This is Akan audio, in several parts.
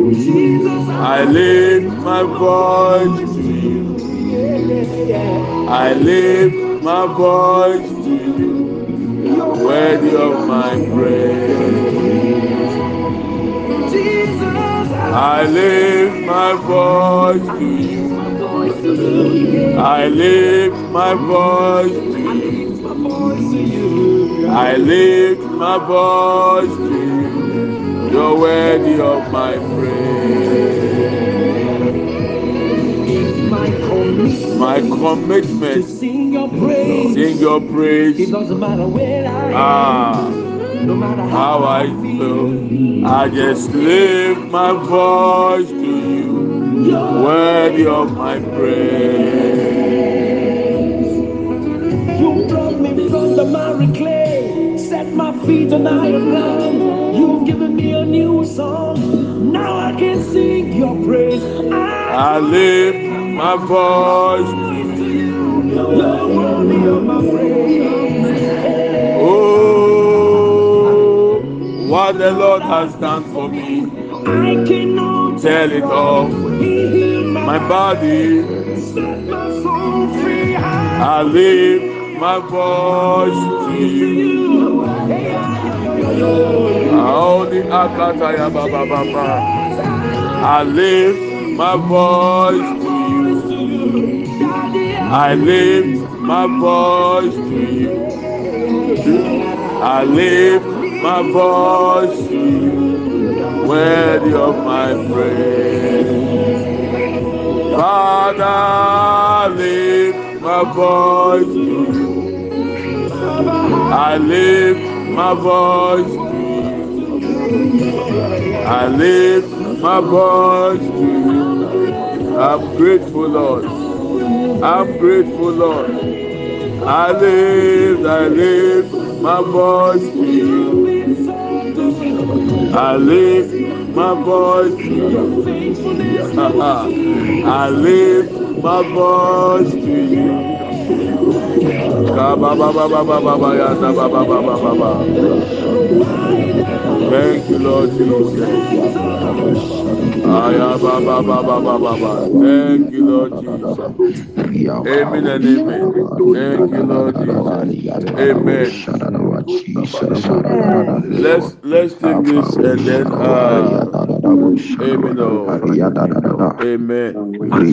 I lift my voice to you. I lift my voice to you. worthy of my praise. I lift my voice to you. I lift my voice to you. I lift my voice to you. You're worthy of my praise. My commitment, to sing your praise. Sing your praise. It doesn't matter where I ah. am. No matter how, how I, feel, I just lift my voice to you. You're worthy of my praise. You brought me from the miry clay, set my feet on iron ground given me a new song. Now I can sing your praise. I, I lift my voice to you. You're of my praise. Oh, what the Lord has done for me. I cannot tell it all. My body my soul I lift my voice to you. Aoni akataya baba baba. I lift my voice to you. I lift my voice to you. I lift my voice to you. Worthy of my praise. Father, I lift my voice to you. I lift my voice to you. I lift my voice to you. I'm grateful, Lord. I'm grateful, Lord. I lift, I lift my voice to you. I lift my voice to you. I lift my voice to you. kvayanlyvllesdis Okay,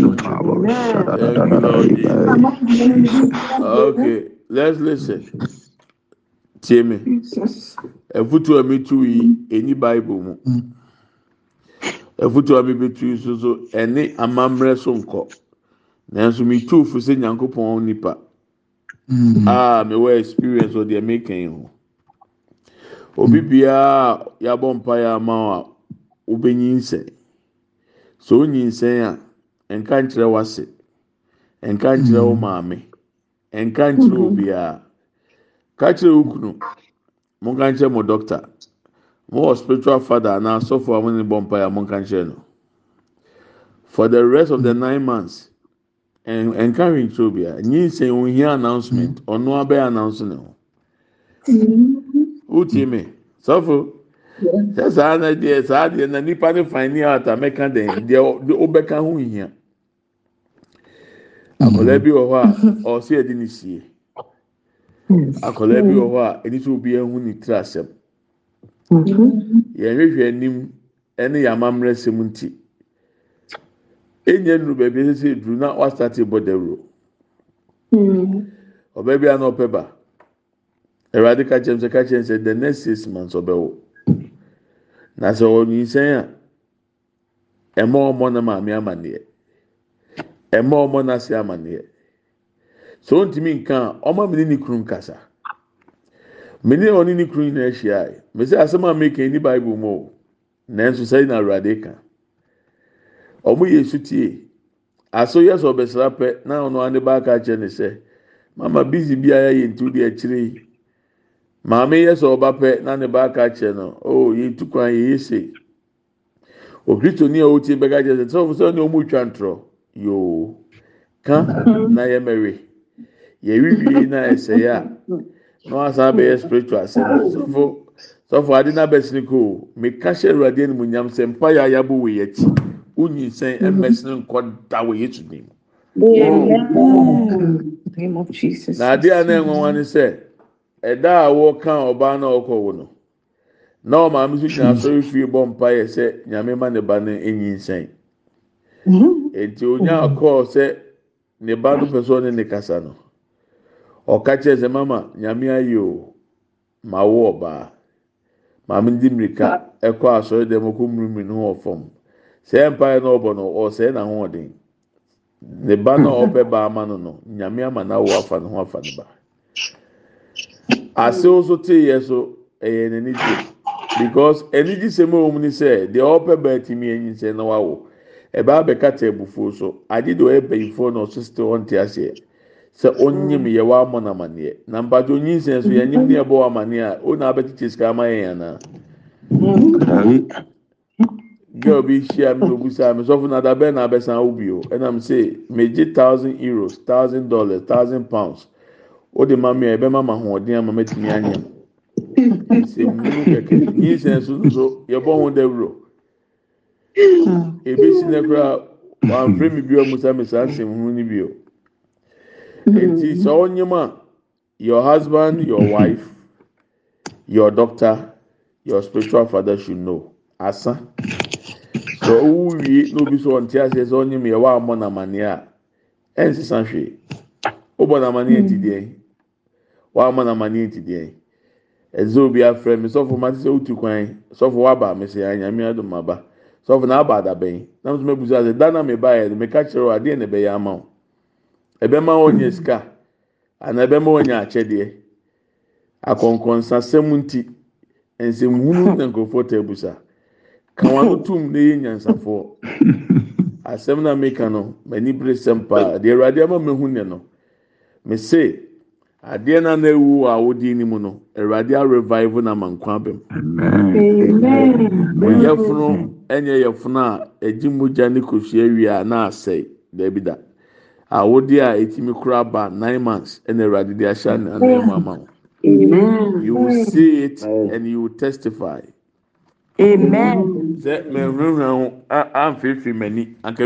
let's listen. Tie me. Efutu a tu yi any Bible mu. Mm. Efutu a mi bi tu yi soso ɛne amammerɛ so nkɔ. Nanso mi tu fu sɛ Nyankopɔn nipa. Mm. A ah, mi wɔ experience what deɛ mi kɛn Obi biara ya ama a, obɛnyi So onyi ya. nka nkyerɛ wase nka nkyerɛ wo hmm. maame nka nkyerɛ obiara ka kyerɛ wo kunu mo nka nkyerɛ mo doctor mo wɔ spiritual father anaa asɔfo a mo ne bɔ mpaeɛ mo nka nkyerɛ no for the rest of the hmm. nine months nka hwee nkyerɛ obiara nyinsɛn ohia announcement hmm. ɔno abɛɛ announce ne ho wotie me sɔfo sɛ saa na deɛ saa deɛ na nipa ne fain ni ata mɛka dɛn deɛ ɔbɛka akwadaa mhm. bi wɔ hɔ a ɔsɛ yɛde ne sie akwadaa bi wɔ mhm. hɔ a ɛni sɛ obi ehu ne tiri asɛm mhm. yɛn anim ɛne yɛn sɛm nti enyɛ nuru baabi sɛ duru na wasate bɔ dawuro ɔbaa bi a na ɔpɛ ba ɛwɛade ka sɛ ka sɛ the next six months ɔbɛwo na sɛ ɔwɔ a ɛmɔ ɔmɔ na maame amaneɛ. ɛma ɔmo n'ase amaneɛ sɛ ɔntumi nka a ɔmo amene ne kunu nkasa mene ɔne ne kunu nyinaa ahyia yi mesɛ asɛm a meka ni bible mu o nanso sɛyi na awurade ka yɛ sutie aso yɛ pɛ na ɔno ane ba aka kyerɛ ne sɛ mama bizi bi a yɛ ntu deɛ akyire maame yɛ ɔba pɛ na ne ba aka kyerɛ no o oh, yɛ ntu kwan yɛ yɛ se a ɔwɔ tie bɛka sɛ sɛ ɔmo sɛ ɔmo twa ntorɔ. yoo ka na yɛ mɛwe yɛwiwie na ɛsɛyɛ a na wasan abɛyɛ spiritual asɛm sɔfo sɔfo ade na abɛsini ko meka hyɛ awurade anim nyam sɛ mpa yɛ ayabo wɔ yɛ akyi wonyi nsɛn ɛmɛsini nkɔ da wɔ yɛ tunim. na ade a na ɛnwanwa ne sɛ ɛda a wɔka ɔbaa na ɔkɔ wɔ no na ɔmaame so nyina asɔre fie bɔ mpa yɛ sɛ nyame ma ne ba no enyi nsɛn. Eti onye akọọ sị ne ba no pẹ sọ ne ne kasa no ọka kyerɛ sɛ mama nyame ayɛ o ma wo ɔbaa maame di mmirika ɛkɔ mmiri mmiri ɔkɔ mmirimiri no wɔ na ọ bụ no ɔbɔ no ɔsɛɛ n'ahoɔden ne ba no ọ bụ baa ama no no nyame ama n'awo afa ne ho afa ne ba asew so tee yɛ so ɛyɛ n'ani gye because anigye sɛm a wɔn mu ni sɛ deɛ ɔpɛ baa ti mi enyi sɛ na wụ. ɛbaa bɛkata abufuo so ade deɛ ɔyɛ bɛyifoɔ na ɔso sitɛ wɔn te aseɛ sɛ ɔnyim yɛ wɔ amɔ na amaneɛ na mpatsɛ onyinsɛn so yɛn nyim ne ɛbɔ wɔ amaneɛ a ɔna abɛtete sika ama yɛn yana girl bi hyia mi obusa mi sɔfo na adabɛn na abɛsan obi o ɛnam sɛ megye thousand euros thousand dollars thousand pounds o de ma mi a ɛbɛma ma ahoɔden ama mɛtumi anya sɛ mu kɛkɛ nyinsɛn so nso yɛbɔ ho dɛwuro. ebi ebesi na kora wamfrɛ mi bi ɔmo sa mi saa nsɛm ho ni bi o nti sɛ ɔnyim a your husband your wife your doctor your spiritual father should know asa sɛ ɔwɔ wie na obi so ɔnte aseɛ sɛ ɔnyim yɛ wɔ na namane a ɛnsesa hwee ɔbɔ namane eti deɛ wɔ na namane eti deɛ ɛdze obi afrɛ mi sɔfo ma ti sɛ otu kwan sɔfo waba mi sɛ anyamia do ma ba. sọfọ na aba adabɛn nam so mebusa sɛ dana mi ba yɛ no meka kyerɛ wɔ na ɛbɛyɛ ama ɛbɛma wɔnyɛ ana ɛbɛma akyɛdeɛ akɔnkɔnsasɛm nti na nkurɔfoɔ ta abusa ka wɔn na yɛ nyansafoɔ na meka no m'ani bere sɛm paa deɛ adeɛ na na ewu awodi ni mu no awurade na ma nkwa abɛm oyɛfunu ɛnyɛ yɛfunu a egyi mogya ne na asɛe dɛbi da a etimi kura ba nine months ɛna awurade de ahyɛ anan mu ama wo you will see it and you will testify. Amen. Sɛ mɛhwehwɛ ho anka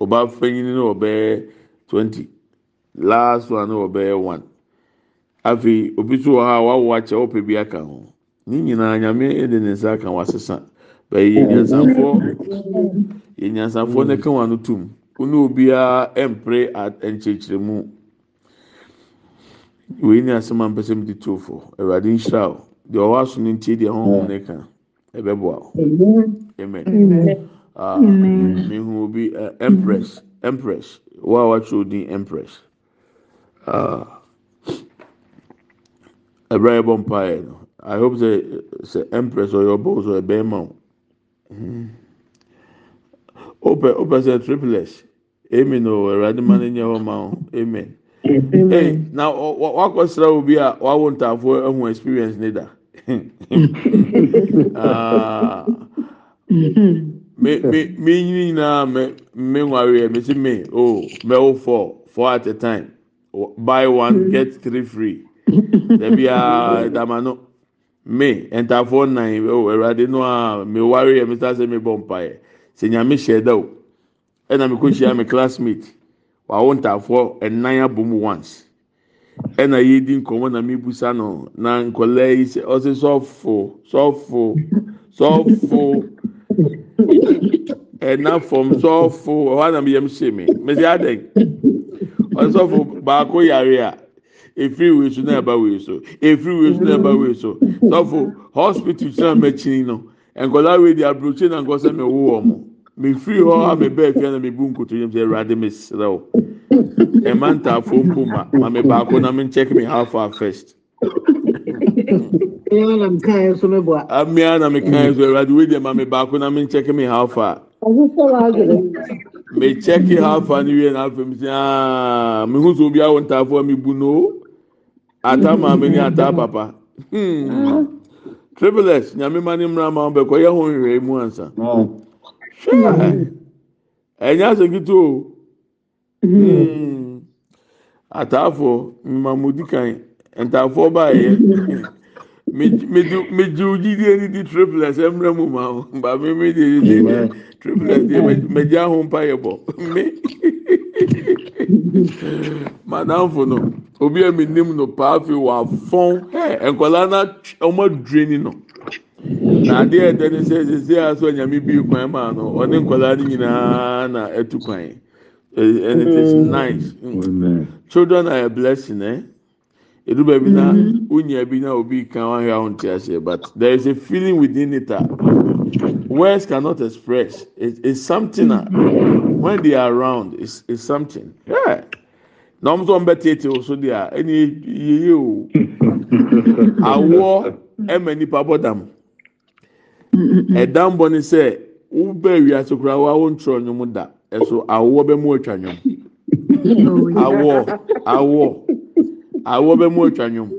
ọba fanyin no ɔbɛyɛ twenty last one no ɔbɛyɛ one afei obi nso wɔ ha a wawo akyɛ ɔpɛ bi aka ho ne nyinaa nyame de ne nsa aka wasesa bɛyɛ yɛ nyansafoɔ yɛ nyansafoɔ ne ka wɔn tum ɔne obiara mpere nkyerɛkyerɛmu wei ne asɛm a mpɛsɛ mu de to fo awurade nhyira o deɛ ɔwɔ aso ne ntie deɛ ɔhɔn ne ka ɛbɛboa o amen. amen. amen. be obi empress empress What ah. a watwerɛ the empress a yɛbɔ vampire i hope the sɛ empress boss or a ɛbɛrima mm. o wopɛ wopɛ sɛ triplets emi Man in your mm. mouth. Amen. hɔ ma what amen ee will be? obi uh, won't have ɛho experience neither. da. Ah. Mm-hmm. me me me nyini nyinaa me me nwareɛ me si me oh, me o four four at a time buy one hmm. get three free dabi aa dama no me ntaafo nnan o awurade e, no a me nwareɛ me taa sɛ me bɔ mpa yɛ e. sɛ nyame hyɛ da o ɛna e, me ko hyia me classmate wawo ntaafo nnan abom once Ena yɛ di nkɔmɔ na mi busa no na nkɔla yi sɛ ɔsi sɔfo sɔfo sɔfo ɛna fam sɔɔfo ɔhɔ na yɛm se mi mɛsi adɛn ɔsɔfo baako yare a efiri wei so na ɛba wei so efiri wei so na ɛba wei so sɔfo hospital gyina mɛkyini no nkɔla wei di aburokye na nkɔsɛ mɛ wo wɔn mefiri hɔ a mebɛ afia na mebu nkoto yam sɛ ɛwurade mesrɛ wo ɛma ntaafo mpo ma ma me baako na me check me half hour first. na meka yɛ nso meboa. amia na meka yɛ nso awurade wei me baako ah, na me nkyɛke me how far. me kyɛke how far ne wie na afei mi si mi hu sɛ obi awo ntaafo mi bu no ata ah. maame ne ata papa triplets nyame ma ne mmira ma bɛkɔ yɛ ho nhwɛ mu ansa. ɛnyɛ asɛ kito o ataafo mmamudi kan ntaafoɔ baayɛ meji ojide ni di triplets emre mu ma o ba mi mi di di triplets di meji ahun pa yẹ bọ e mi madam fono obi emi nim no paafi wa fọn nkwadaa na ọmọ dreni no na adi ẹdẹ e ni sẹ ẹsẹ sẹ aso ẹnyàmí bi kwan maa no ọne nkwadaa ni nyinaa na ẹtu kwan e, and it is nice children are a blessing. Eh? edu baabi na wunya bi na obi kan wan ya wọn ti ase but there is a feeling within it that words cannot express it is something ah when they are around is is something yeah na wọn sọ wọn bẹ tiẹ tiẹ so de ẹni yeye o awọ ẹmẹ nipa bọ dam mm-hmm. ẹdam bọ ni sẹ wọn bẹ wia sokora wọn awọn ntọrọ nyọmọ da ẹsọ awọ bẹ mu atwa nyọmọ awọ awọ. awoɔ bɛ mu atwa nwom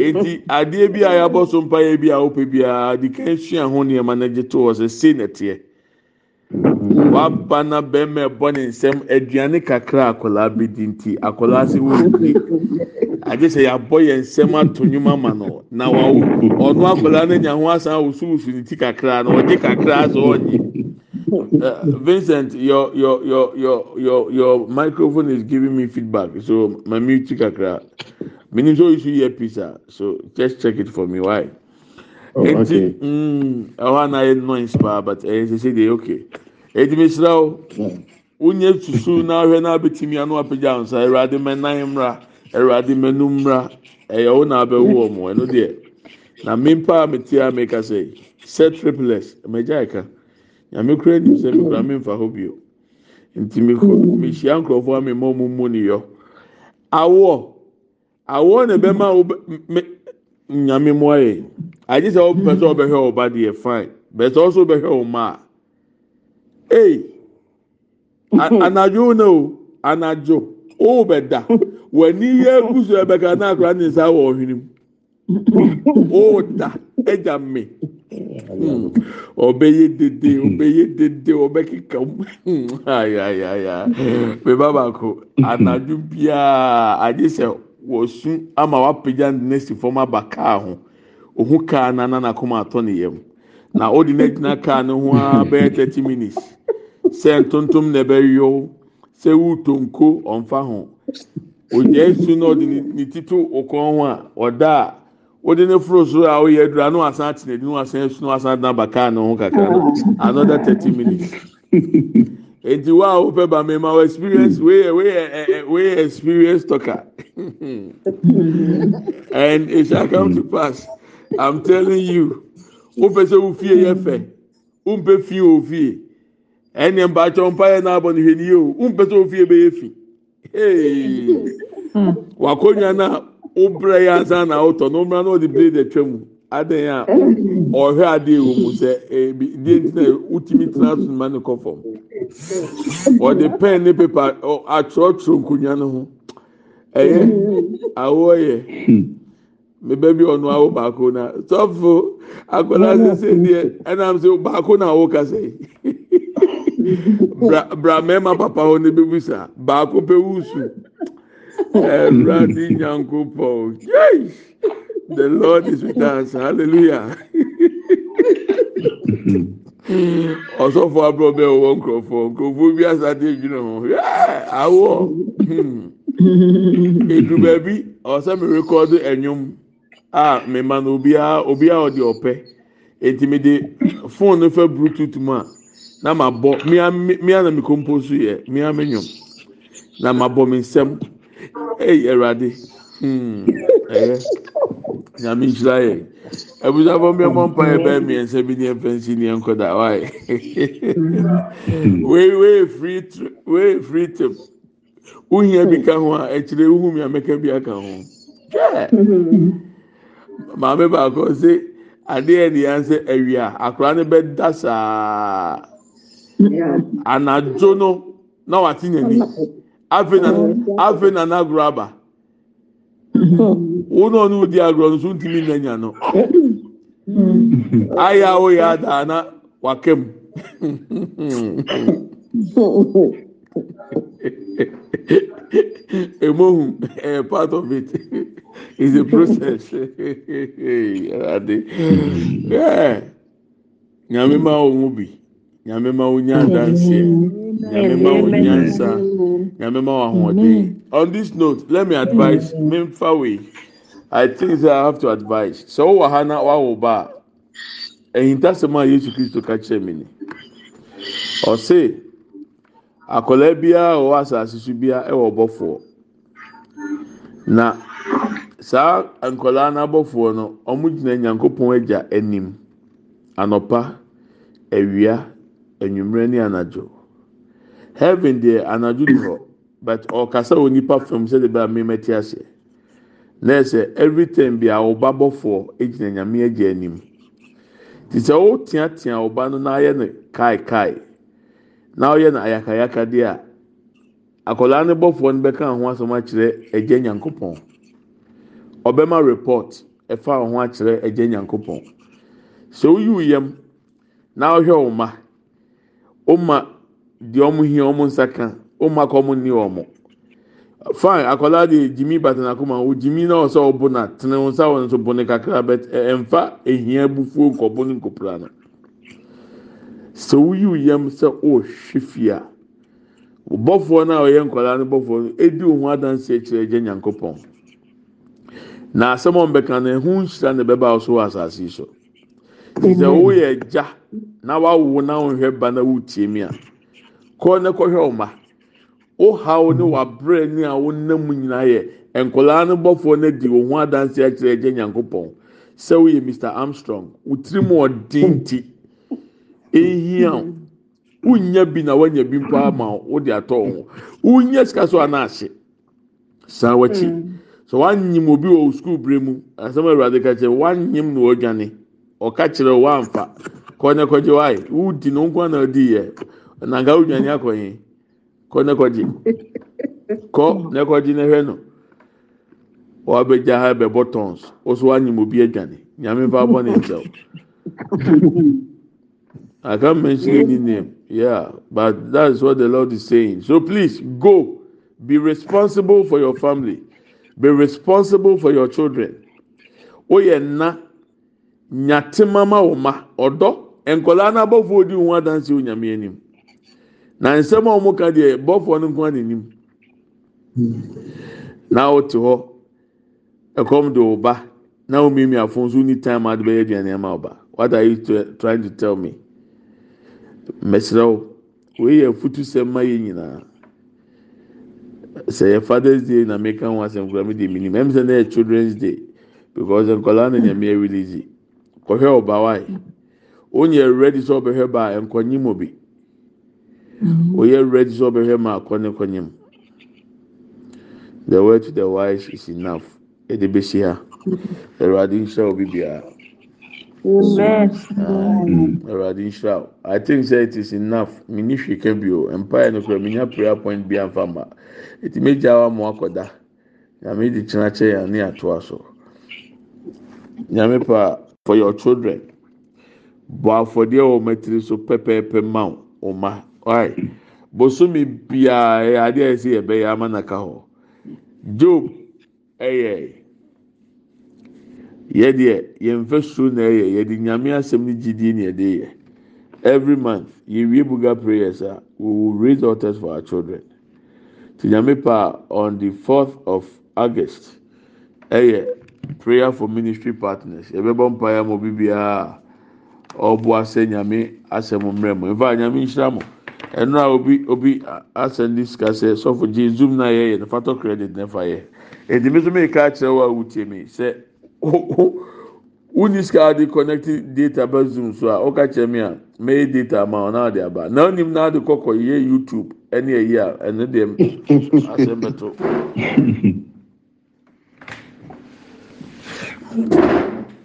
eti adeɛ bi a yɛabɔ so mpaeɛ bi a wopɛ biara de ka esua ho nneɛma na gye to wɔ sɛ se na waba na bɛrima ɛbɔ ne nsam aduane kakra akwadaa bi di nti akwadaa si wɔ ne agye sɛ yɛabɔ yɛn nsam ato nwom ama no na wawo ɔno akwadaa no nya ho asan wosuwusu ne ti kakra na ɔgye kakra sɛ ɔnye. Uh, Vincent, your your your your your your microphone is giving me feedback. So my music kakra. Meaning so you should hear pizza. So just check it for me. Why? Oh, okay. Mm, I want to no inspire, but as eh, they say they okay. Eti misra Unye susu na ahwe na abetimi anu apagya nsa. eradi mena imra, eradi menumra, mra. Eya o na abewo mo. Eno de. Na mimpa metia make say. Set triplets. Meja eka. nyame kura nim sɛ mekura me mfa hɔ bio nti mekɔ hmm. mehyia nkurɔfoɔ a memmɔ mu mu ne yɔ awoɔ awoɔ ne bɛma wo me nyame mmoa yɛ agye sɛ wopɛ sɛ wobɛhwɛ wo ba deɛ fine bɛsɛ wo so wobɛhwɛ wo ma a ei hmm. anadwo wo na o anadwo wo bɛda w'ani yɛ agu so ɛbɛka na akora ne nsa wɔ ɔhwenem wo da agya me ɔbɛyɛ dede ɔbɛyɛ dede ɔbɛkeka mu ayayaya bɛba baako anadwo biara agye sɛ wɔsu ama wapagya ne si fam aba kaa ho ohun kaa nana na kɔma atɔ ne yam na ɔde na gyina kaa ne ho a bɛyɛ thirty minutes sɛ ntontom na ɛbɛyɔ sɛ wutonko ɔnfa ho ɔgya esu na ɔde ne titi ɔkɔn ho a ɔda a wode ne foro so a oyɛ adura no asan atena no asan esu asan dan baka no ho kakra no another thirty minutes eti wa a wopɛ ba mɛma o experience wey yɛ wey yɛ wey yɛ experience talker and it shall come to pass i'm telling you wopɛ sɛ wo fie yɛ fɛ wompɛ fie o fie ɛnna mbaatɔ mpa yɛ n'abɔ ne hwɛ ni yɛ o wompɛ sɛ wo fie bɛ yɛ fi ee hmm. wakonnwa na wobra yi ansa na wotɔ na womra na wɔde blade atwa mu adan a ɔhwɛ adeɛ wɔ mu sɛ ebi deɛ ntina wotumi tena so ma ne kɔ fam wɔde pɛn ne pepa atwerɛtwerɛ nkonnwa no ho ɛyɛ awoɔ yɛ mebɛ bi ɔno awo baako na sɔfo akwadaa sese deɛ ɛnam sɛ baako na awo kasa yi bra bra mɛɛma papa hɔ ne bɛ busa baako pɛ wusu. Ẹ̀rọ̀dì Nyankopọ̀. Yes! The Lord is with us. Hallelujah. Ọ̀sọ́fọ̀ for ọ̀wọ́ nkurọ̀fọ̀ nkurọ̀fọ̀ bí asáde ìdúná wọn. Awọ ìdùbẹ̀ bí ọ̀sẹ̀ mi rékọ́dù ẹ̀yọ́m a mìíràn obiara obiara ọ̀dì ọ̀pẹ ètí mi di ne fẹ́ bluetooth mu a na ma bọ̀ mìíràn mi compose yẹ mìíràn mi nyọ̀m na ma bọ̀ mi nsẹ́mu eyi Eradi, ɛyɛ nyame nhyira yɛ abusuafo mbɛ mɔ mpa yɛ bɛyɛ mmiɛnsa bi nìyɛn fɛnsi nìyɛn nkɔda waayɛ wei wei free trip wei free trip wuhia bi ka ho a akyire wuhu mi amɛka bi aka ho twɛ maame baako sɛ adeɛ yɛ yɛn sɛ awia akora ne bɛ da saa anadwo no na wate n'ani. afe na na aba uno no di agro no sun nanya no aya o ya da na wakem emohu eh, part of it is a process ade eh, nyame ma wo bi nyame ma wo nya adanseɛ hmm. nyamema wo on this note let me advise me i think say i have to advise so wo ha na wa ba a ehintasɛm a yesu kristo ka kyerɛ ni or akwadaa a ɔwɔ asase so biara ɛwɔ bɔfoɔ na saa no heaven deɛ anadwo ni hɔ but ɔkasa wɔ nipa fam sɛde bɛrɛ mmemme ti ase nɛɛsɛ every time bi a ɔba bɔfoɔ egyina nyame agya anim te sɛ ɔteatea ɔba no na ayɛ no kaekae na ɔyɛ no ayakayaka deɛ a akwadaa ne bɔfoɔ no bɛka ho asɛm akyerɛ agya nyankopɔn ɔbɛma report ɛfa ho akyerɛ agya nyankopɔn sɛ woyi wo yam na ɔhwɛ wo ma wo ma. di ọmụ hia ọmụ nsaka ka ni fine akwadaa dị jimmy batten kuma jimmy e, e, na ọsọ ɔbo e na tene nsa wɔn nso bo ne kakra bɛt ɛnfa ehia bufuo nkɔbo ne nkɔpra no sɛ woyi yam sɛ na nkwadaa adansi na na yi gya na na ba na kọ́ ne kọ́hwẹ́ ọ̀ma ohaw ne mm-hmm. w'abrɛ ne a wonam nyinaa yɛ nkɔlaa ne bɔfoɔ ne di wɔn ho adanse akyerɛ ɛgye nyanko pɔn sɛ mr armstrong wotiri mu ɔden ti ehia wonya bi na wanya bi mpo ama wode atɔ wɔn wonya sika so ana ahye san wɔkyi mm. so wanyim obi wɔ sukuu bere mu asɛm awurade ka kyerɛ wanyim na ɔdwane ɔka kyerɛ wɔn amfa kɔnɛ kɔgye wɔayɛ wudi na nkwa na ɔdi yɛ. nanka odwani akɔ yen kɔ ne kɔgye kɔ ne kɔgye ne hwɛ no wabɛgya ha bɛbɔ tɔns ɔso anyim obi adwane nyame mfa bɔ ne nsɛm i can't mention any name yeah but that's what the lord is saying so please go be responsible for your family be responsible for your children woyɛ nna nyatemama wɔn ma ɔdɔ nkɔlaa n'abɔfo odi wɔn adansi wɔn nyame anim. na nsɛm a wɔn ka deɛ bɔfoɔ no nko n'anim na wote hɔ ɛkɔm ụba ɔba na omiimi afo nso ni time adi bɛyɛ aduane ama ɔba what are you trying to tell me mmɛsirɛw wei yɛ futu sɛm ma yɛ nyinaa sɛ yɛ fathers day na meka ho asɛm kura mi de mi nim ɛm sɛ na yɛ children's day because nkɔlaa na nyame ɛwili zi kɔhwɛ ɔba waayi onye ready sɛ ɔbɛhwɛ nkɔnyi bi. Mm-hmm. oyɛ ready sɛ ɔbɛhwɛ mu akɔ ne kɔnyam the way to the wise is enough ɛde bɛsi ha awurade nhyira obi biara awurade nhyira o i think say it is enough mi ni hwika bi o empire no kura mi nya prayer point bi anfa ma eti meji awa mu akɔda nyame di kyerɛ kyerɛ yan ne atoa so nyame pa for your children bɔ afɔdeɛ wɔ ɔmɛtiri so pɛpɛɛpɛ ma o ma why bosome biara ɛyɛ eh, adeɛ a yɛsi yɛbɛyɛ ama naka hɔ job ɛyɛ yɛdeɛ yɛn fɛ suro na ɛyɛ eh, yɛde nyame asɛm ne gyidie na yɛde yɛ every month yɛwie buga prayers a ah, we will raise altars for our children ti nyame pa on the fourth of august ɛyɛ eh, prayer for ministry partners yɛbɛbɔ mpaeɛ ama obi biara ɔboa sɛ nyame asɛm mmerɛ mu nfa nyame nhyira mo ɛnu a obi obi asɛndi sika sɛ sɔfo gye zoom na yɛ yɛ nafa tɔ credit nafa yɛ edi mi nso mi ka kyerɛ wo a wotie mi sɛ o wuni sika de connect data ba zoom so a ɔka kyerɛ mi a mɛyɛ data ama ɔna de aba na onim na de kɔkɔ yɛ youtube ɛne ɛyi a ɛne deɛ asɛm bɛto.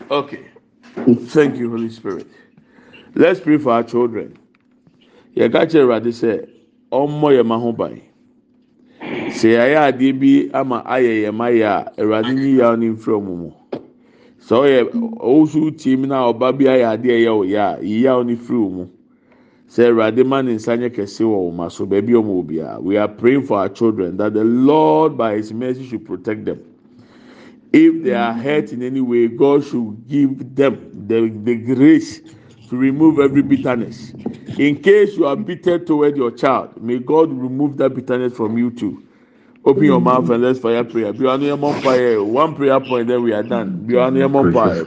Okay. Thank you, Holy Spirit. Let's pray for our children. yɛka kyerɛ awurade sɛ ɔmmɔ yɛma ho ban sɛ yɛayɛ adeɛ bi ama ayɛ yɛmayɛ a wurade ne yiyaw no mfiri mu mu sɛ yɛɔwso woti m noa ɔba bi ayɛ adeɛyɛyɛ a yyaw no firi o mu sɛ awrade ma no nsanyɛ kɛse wɔ wo ma so baabi aɔmɔbiawe ar praing fo ou children tha the lord by his mers sho protect tem if thear heat nanway god shou give them the grace to remove every bitterness. In case you are bitter toward your child, may God remove that bitterness from you too open your mouth and let's fire prayer. Be on your fire. One prayer point, then we are done. Be on your fire.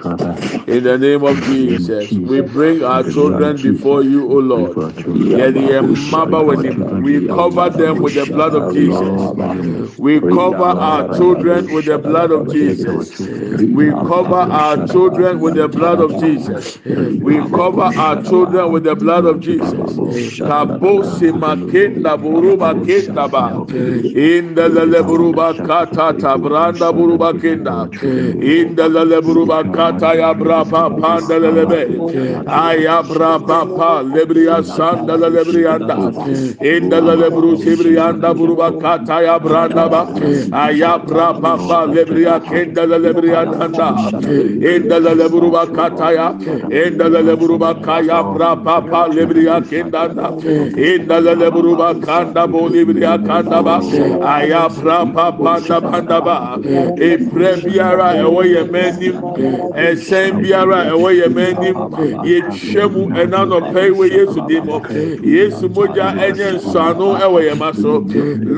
In the name of Jesus, we bring our children before you, O Lord. We cover them with the blood of Jesus. We cover our children with the blood of Jesus. We cover our children with the blood of Jesus. We cover our children with the blood of Jesus. In the indelele buruba kata tabranda buruba kinda indelele buruba kata ya brapa pandelele be aya brapa pa lebriya sandele lebriyanda indelele buru sibriyanda buruba kata ya branda ba aya brapa pa lebriya kendele lebriyanda indelele buruba kata ya indelele buruba kaya brapa pa lebriya kendanda indelele buruba kanda bo lebriya kanda ba aya ya pra pa pa da ba e pre biara e wo ye e biara e wo ye ye chemu e na no pay we yesu di mo yesu moja enye anu e wo ye maso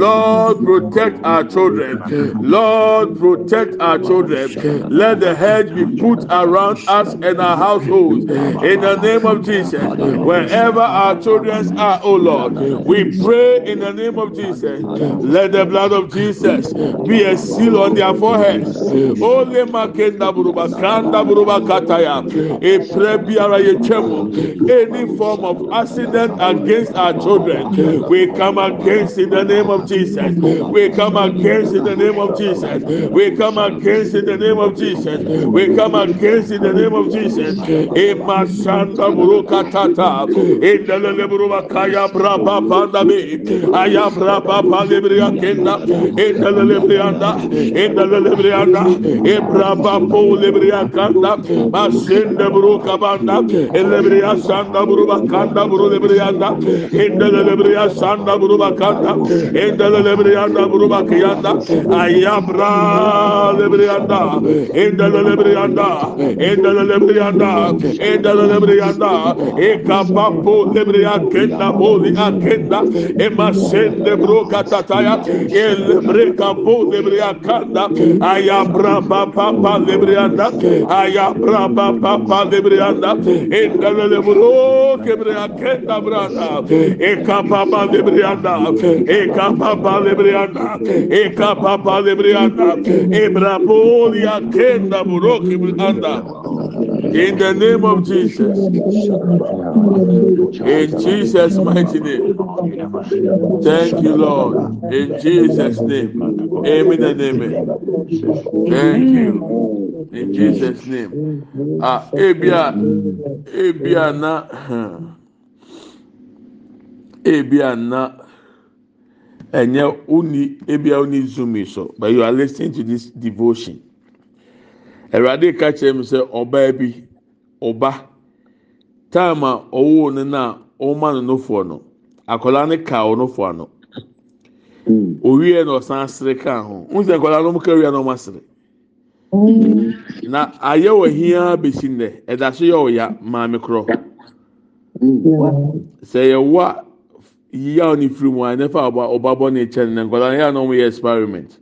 lord protect our children lord protect our children let the hedge be put around us and our households in the name of jesus wherever our children are oh lord we pray in the name of jesus let the blood blood of Jesus be a seal on their foreheads. Ole makenda buruba kanda buruba kataya. A prayer biara yechemu. Any form of accident against our children, we come against in the name of Jesus. We come against in the name of Jesus. We come against in the name of Jesus. We come against in the name of Jesus. Ema shanda buruka tata. Indelele buruba kaya braba panda bi. Aya braba palibriya kenda brianda, in the lebrianda, in the lebrianda, in Brabambo lebrianda, Masin de Bruca banda, in lebria Santa Bruba Canda Bru lebrianda, in the lebria Santa Bruba Canda, in the lebrianda Bruba Kianda, Ayabra lebrianda, in the lebrianda, in the lebrianda, in the lebrianda, in Capambo lebria Kenda Boli Akenda, in Masin de Bruca in lebrekabode breakanda aya brapa papade breada aya braba apale breada edadede buroke breakenda brada ekapabadebriada ekapapale breada ekapapade breada e brabodiakeda buroke briada In the name of Jesus. In Jesus' mighty name. Thank you, Lord. In Jesus' name. Amen and amen. Thank you. In Jesus' name. Ah, ebia, ebia na, ebia na. And yeah, only, ebia uni, zumi so, but you are listening to this devotion. Ẹ̀rọ adé kàchẹ́ mi sẹ́ ọbaa bi ɔba taịm a ɔwoo no no a ɔma no nofoɔ no akwadaa no ka ɔnofoɔ ano owie na ɔsan asere kaa ho n sɛ akwadaa no mo ka wia na ɔmo asere na ayɛ wɔ hia besi nnɛ ɛda so yɛ ɔya maame korɔ sị ya ụwa yiya ɔne firi mụ a nefa ɔba bɔ ne nkyɛn na nkwadaa ya yɛ a na ɔmo yɛ experiment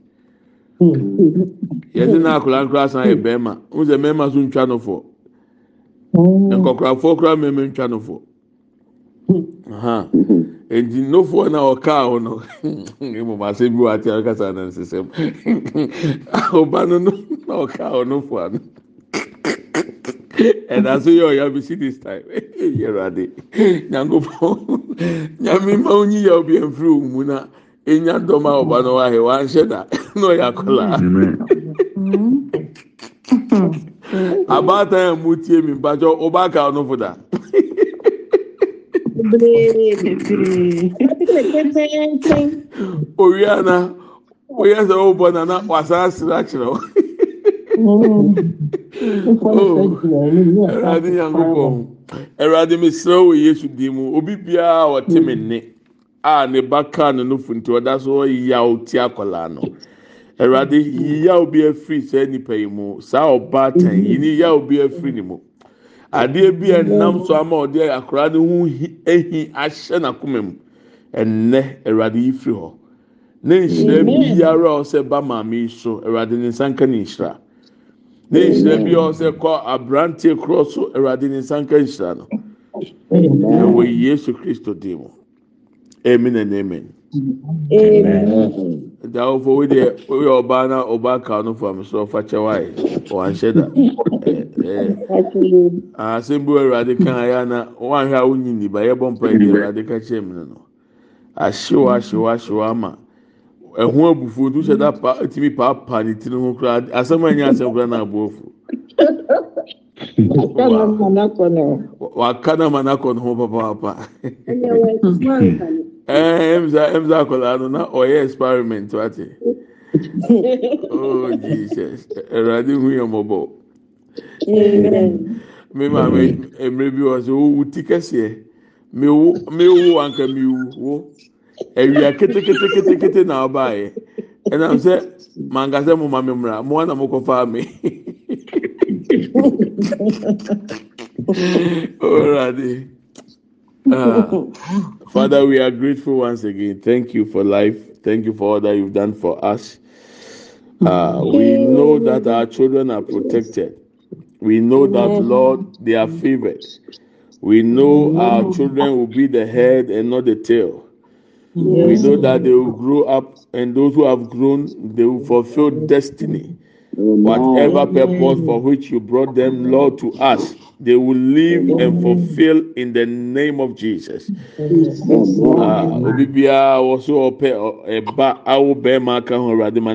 hmm. yɛde na akwadaa no koraa san yɛ bɛrima n sɛ mɛrima so ntwa nofoɔ. Hmm. nkɔkorafoɔ koraa mmɛmɛ ntwa no nti nofoɔ na ɔkaa ho no mmom ase bi wɔ ate akasa na nsesɛm ɔba no no na ɔkaa ho nofoɔ ano ɛna so yɛ ɔya bi si this time yɛrade nyankopɔn nyame ma onyi yɛ obi mfiri wɔn na enya dɔm a ɔba no wahɛ wanhyɛ da na ɔyɛ akɔla. abaatan mu tie mi mpatsɔ ɔba ka ɔno fo da. o ana oyɛ sɛ ɔbɔ na wasan asira kyerɛ o. ɛwurade nyankopɔn ɛwurade mesrɛ wɔ yesu di mu obi biara ɔte me mm. nne a ne ba kaa ne no funti ɔda so ɔyaw ti akɔlaa no. awurade yiya obi efiri saa nipa yi mu saa ɔbaa tan yi ni ya obi efiri ne mu adeɛ bi a nam so ama ɔde akwaraa ne ho ehi ahyɛ n'akoma mu ɛnɛ ewurade yi firi hɔ ne nhyira biara a ɔsɛ ba maame yi so ewurade ne nsa nka ne nhyira ne nhyira bi a ɔsɛ kɔ aberanteɛ korɔ so awurade ne nsa nka nhyira no ɛwɔ yesu kristo dim amen and amen. amen. amen. dawofo wo deɛ woyɛ ɔbaa na ɔbaa ka no fa mesoro fa kyɛ wae wanhyɛ da um, ah, asɛm bi awurade ka ayɛ na wanhwɛ a wonyi nniba yɛbɔ mpa deɛ awurade ka kyerɛ mu no ahyew ahyew ahyew ama ɛho abufuo nti wohyɛ da pa tumi paapa ne tiri ho koraa asɛm anyɛ asɛm koraa na aboɔfo wakana manako no ho papaapa ɛmza akɔlaa no eh, na ɔyɛ experiment wate oh jesus ɛwurade hu yɛ mɔbɔ me maame mmerɛ bi wɔ sɛ wowu ti kɛseɛ mewu anka mewu wo kete kete na ɔbaeɛ ɛnam sɛ mankasɛ mo ma me mmra moa na mokɔfaa me Alrighty. Uh, ah. Father, we are grateful once again. Thank you for life. Thank you for all that you've done for us. Uh, we know that our children are protected. We know that, Lord, they are favored. We know our children will be the head and not the tail. We know that they will grow up, and those who have grown, they will fulfill destiny. Whatever purpose for which you brought them, Lord, to us, they will live and fulfill in the name of Jesus. Ah, Obi biara wɔ so awo bɛrima aka ho ɛwurade ma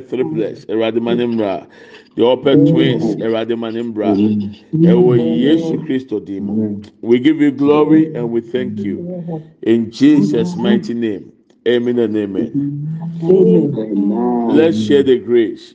triplets ɛwurade ma ne mmerama. twins ɛwurade ma ne mmerama. Ɛwɔ Yesu Kristo di We give you glory and we thank you. In Jesus' mighty name. Amen and amen. amen. Let's share the grace.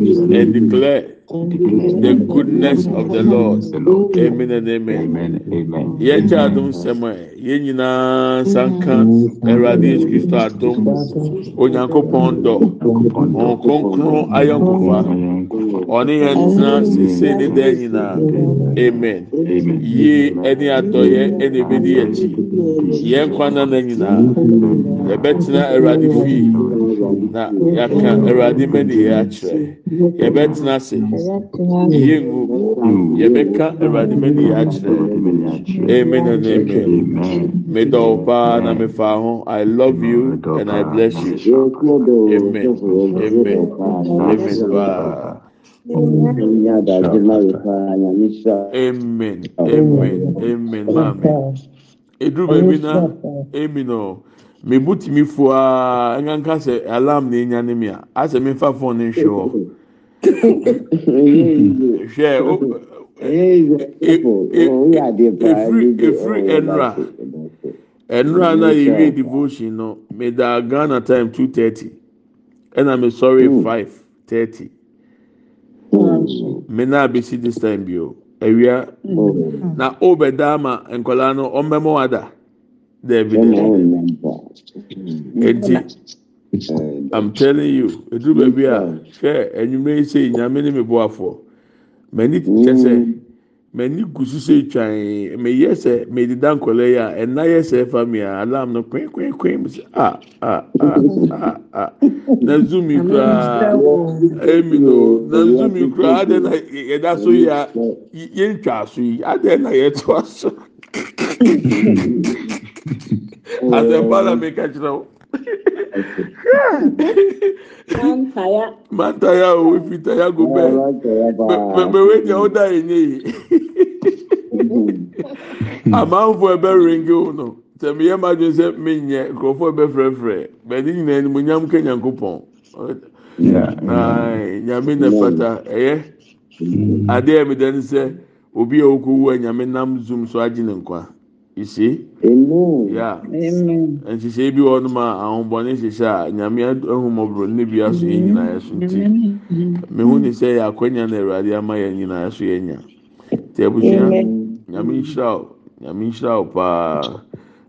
and declare the goodness of the Lord. Amen and amen. Amen, e. adum sẹ́mu ẹ̀, yẹn nyinaa sanka adum, onyankopɔn dɔ, nkonkron ayɔnkofa, ɔne yɛn tena sise Amen. Yie ɛne atɔyɛ ɛna ebedi akyi, yɛn kwan nana nyinaa, na yaka awurade mani yɛ akyerɛ yɛbɛtena ase yɛngu yɛbɛka awurade mani yɛ akyerɛ amen and amen medɔw paa na mefa ho i love you and i bless you amen amen amen paa. Amen. Amen. Amen. Amen. Maame. Eduru baabi na amen o. mebu tumi fo aa ah, ɛnka nka sɛ alarm na enya ne mi a asɛ mi nfa phone ne nhwɛ hɔ hwɛ o efiri efiri e, e, e, na devotion no me da Ghana time two thirty ɛna me sɔre hmm. five thirty hmm. me na abesi this time bi o ewia hmm. na o bɛ daa ma nkɔla no dabi eti mm-hmm. uh, i'm telling you eduru baabi a ah, hwɛ enyimire yi sɛ nyame ne mi bɔ afɔ mɛni kyɛ sɛ mɛni mm. gusu sɛ twan mɛyɛ sɛ mɛdida nkɔlɛ yi a ɛna yɛ sɛ ɛfa mi a alam no kwen kwen kwen mi sɛ a ah, a ah, a a na zoom yi koraa emi no na zoom yi koraa adi na yɛda so yi a yɛntwa so yi adi na yɛto aso. asɛmpa na meka kyerɛ wo mantaya o efi taya go bɛ mɛmɛwe deɛ ɔda enye yi amanfo ɛbɛ ringi o no tẹmi yẹ maa dun sẹ mi nyɛ nkurɔfoɔ ɛbɛ frɛfrɛ bɛni nyinaa mu nyam kɛ nyanko pɔn nyame na fata ɛyɛ adeɛ mi dɛ ni sɛ obi a okowu a nyame nam zoom so agye ne nkwa. You see? Amen. Yeah. Amen. And she say bi wɔn ma ahombɔne hyehyɛ a nyame ahomɔboro ne bi aso yɛn nyinaa so nti mehu ne sɛ yɛ akɔnya na awurade ama yɛn nyinaa so yɛn nya te abusua nyame nhyira o nyame nhyira o paa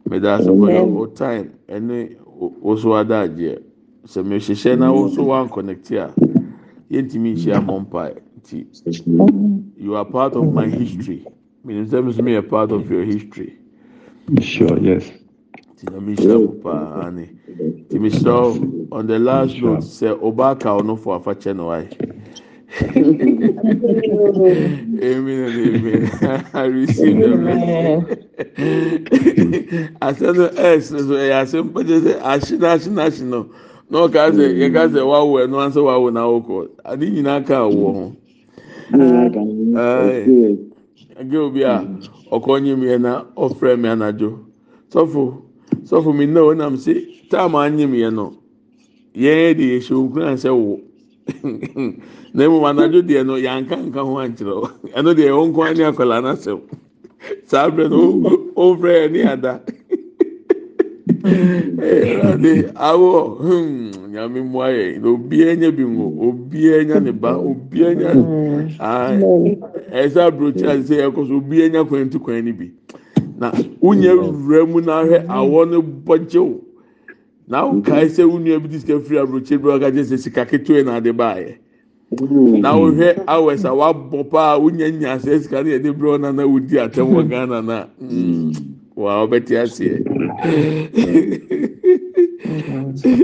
meda ase for your whole time ɛne woso adagyeɛ sɛ mehyehyɛ na woso wan connect a yɛntumi nhyia mɔ mpae nti you are part of my history menim sɛ me so meyɛ part of your history Sure, yes. Timishaw on the last road say Obaka ono for afache no I. Amen and amen. I receive them. I said no S so I simple just say ashina ashina ashina. No ka say you ka say wow no answer wow na oko. Adi nyina ka wo ho. Ah. gị obi a ọkọ nye m ya na ọfrẹ m ya na jo sọfọ sọfọ mi náà ọnam sị taam anyị m ya nọ yẹn de ehyia okura nsẹ wọ na emu anadwo deɛ no anka nka ho ankyerɛ ɛno deɛ wɔn nko ani akɔla anasɛm saa abirɛ no ofrɛ yɛ ne ada. awurade eh, awɔ hmm nyame mu ayɛ na obiara nya bi ngo obi nya ne ba obiara nya mm. aa ah, ɛsɛ aburokyi ase ɛkɔ so obi nya kwan ti kwan ne bi na wonya mm. wura mu na ahwɛ awɔ ne bɔgyew na wokae sɛ wo nua bi ti sika firi aburokyi bi waka gye sɛ sika ketewa na ade baayɛ mm. na wohwɛ hours a wabɔ paa wonya nya sɛ sika ne yɛ de brɛ na na wodi atɛm wɔ ghana na. Mm. waobɛtiasye